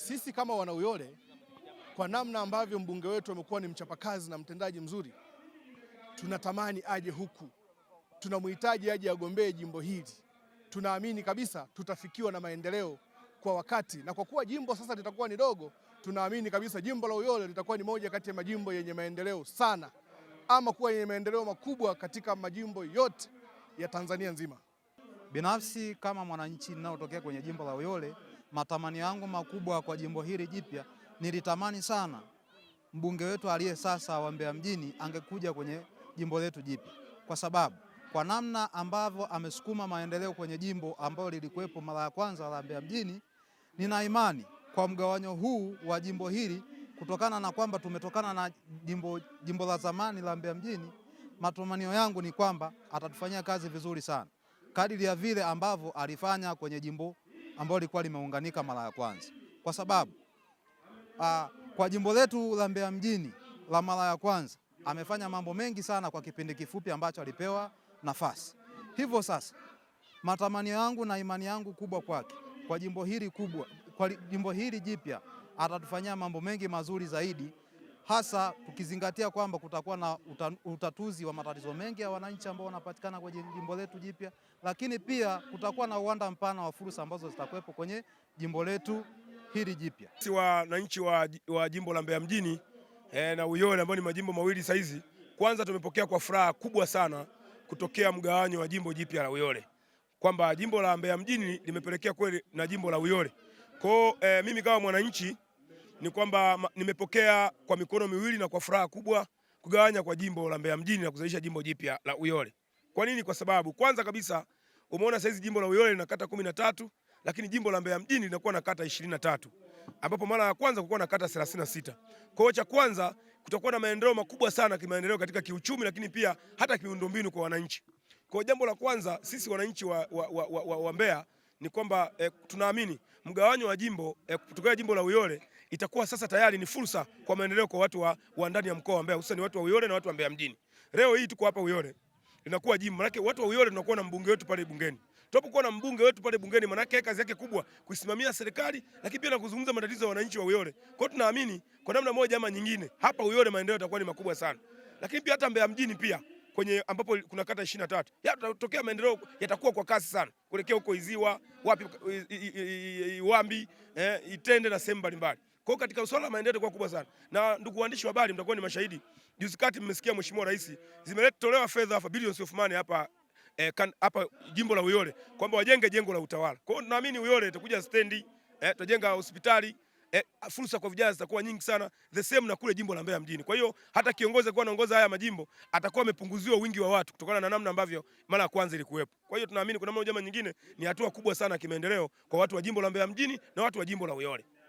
sisi kama wanauyole kwa namna ambavyo mbunge wetu amekuwa ni mchapakazi na mtendaji mzuri, tunatamani aje huku, tunamhitaji aje agombee jimbo hili. Tunaamini kabisa tutafikiwa na maendeleo kwa wakati, na kwa kuwa jimbo sasa litakuwa ni dogo, tunaamini kabisa jimbo la Uyole litakuwa ni moja kati ya majimbo yenye maendeleo sana, ama kuwa yenye maendeleo makubwa katika majimbo yote ya Tanzania nzima. Binafsi kama mwananchi ninaotokea kwenye jimbo la Uyole matamanio yangu makubwa kwa jimbo hili jipya, nilitamani sana mbunge wetu aliye sasa wa Mbeya mjini angekuja kwenye jimbo letu jipya, kwa sababu kwa namna ambavyo amesukuma maendeleo kwenye jimbo ambalo lilikuwepo mara ya kwanza la Mbeya mjini, nina imani kwa mgawanyo huu wa jimbo hili kutokana na kwamba tumetokana na jimbo, jimbo la zamani la Mbeya mjini, matumanio yangu ni kwamba atatufanyia kazi vizuri sana kadiri ya vile ambavyo alifanya kwenye jimbo ambalo lilikuwa limeunganika mara ya kwanza, kwa sababu aa, ah, kwa jimbo letu la Mbeya mjini la mara ya kwanza amefanya mambo mengi sana kwa kipindi kifupi ambacho alipewa nafasi. Hivyo sasa, matamanio yangu na imani yangu kubwa kwake, kwa jimbo hili kubwa, kwa jimbo hili jipya atatufanyia mambo mengi mazuri zaidi hasa tukizingatia kwamba kutakuwa na utatuzi wa matatizo mengi ya wananchi ambao wanapatikana kwenye jimbo letu jipya, lakini pia kutakuwa na uwanda mpana wa fursa ambazo zitakuwepo kwenye jimbo letu hili jipya. Sisi wananchi wa, wa jimbo la Mbeya mjini eh, na Uyole ambao ni majimbo mawili saizi, kwanza tumepokea kwa furaha kubwa sana kutokea mgawanyo wa jimbo jipya la Uyole kwamba jimbo la Mbeya mjini limepelekea kweli na jimbo la Uyole kwao. eh, mimi kama mwananchi ni kwamba nimepokea kwa mikono miwili na kwa furaha kubwa kugawanya kwa jimbo la Mbeya mjini na kuzalisha jimbo jipya la Uyole. Kwa nini? Kwa sababu kwanza kabisa umeona saizi jimbo la Uyole lina kata kumi na tatu lakini jimbo la Mbeya mjini linakuwa na kata ishirini na tatu ambapo mara ya kwanza kulikuwa na kata 36. Kwa hiyo cha kwanza kutakuwa na maendeleo makubwa sana kimaendeleo katika kiuchumi, lakini pia hata kiundombinu kwa wananchi. Kwa hiyo jambo la kwanza sisi wananchi wa, wa, wa, wa, wa Mbeya ni kwamba eh, tunaamini mgawanyo wa jimbo eh, kutokea jimbo la Uyole itakuwa sasa tayari ni fursa kwa maendeleo kwa watu wa, wa ndani ya mkoa wa Mbeya hususan watu wa Uyole na watu wa Mbeya mjini. Leo hii tuko hapa Uyole inakuwa jimbo manake, watu wa Uyole tunakuwa na mbunge wetu pale bungeni. Tunapokuwa na mbunge wetu pale bungeni, manake kazi yake kubwa kuisimamia serikali, lakini pia na kuzungumza matatizo ya wananchi wa Uyole. Kwa hiyo tunaamini kwa namna moja ama nyingine, hapa Uyole maendeleo yatakuwa ni makubwa sana, lakini pia hata Mbeya mjini pia kwenye ambapo kuna kata 23 yatatokea maendeleo yatakuwa kwa kasi sana kuelekea huko Iziwa wapi Iwambi eh, Itende na sehemu mbalimbali. Kwa katika swala la maendeleo kwa kubwa sana. Na ndugu waandishi wa habari, mtakuwa ni mashahidi. Juzi kati mmesikia Mheshimiwa Rais zimetolewa fedha hapa bilioni of money hapa eh, kan, hapa jimbo la Uyole kwamba wajenge jengo la utawala. Kwa hiyo tunaamini Uyole itakuja stendi, eh, tutajenga hospitali, eh, fursa kwa vijana zitakuwa nyingi sana the same na kule jimbo la Mbeya mjini. Kwa hiyo hata kiongozi akiwa anaongoza haya majimbo atakuwa amepunguziwa wingi wa watu kutokana na namna ambavyo mara ya kwanza ilikuwepo. Kwa hiyo tunaamini kuna mambo jamaa nyingine ni hatua kubwa sana kimaendeleo kwa watu wa jimbo la Mbeya mjini na watu wa jimbo la Uyole.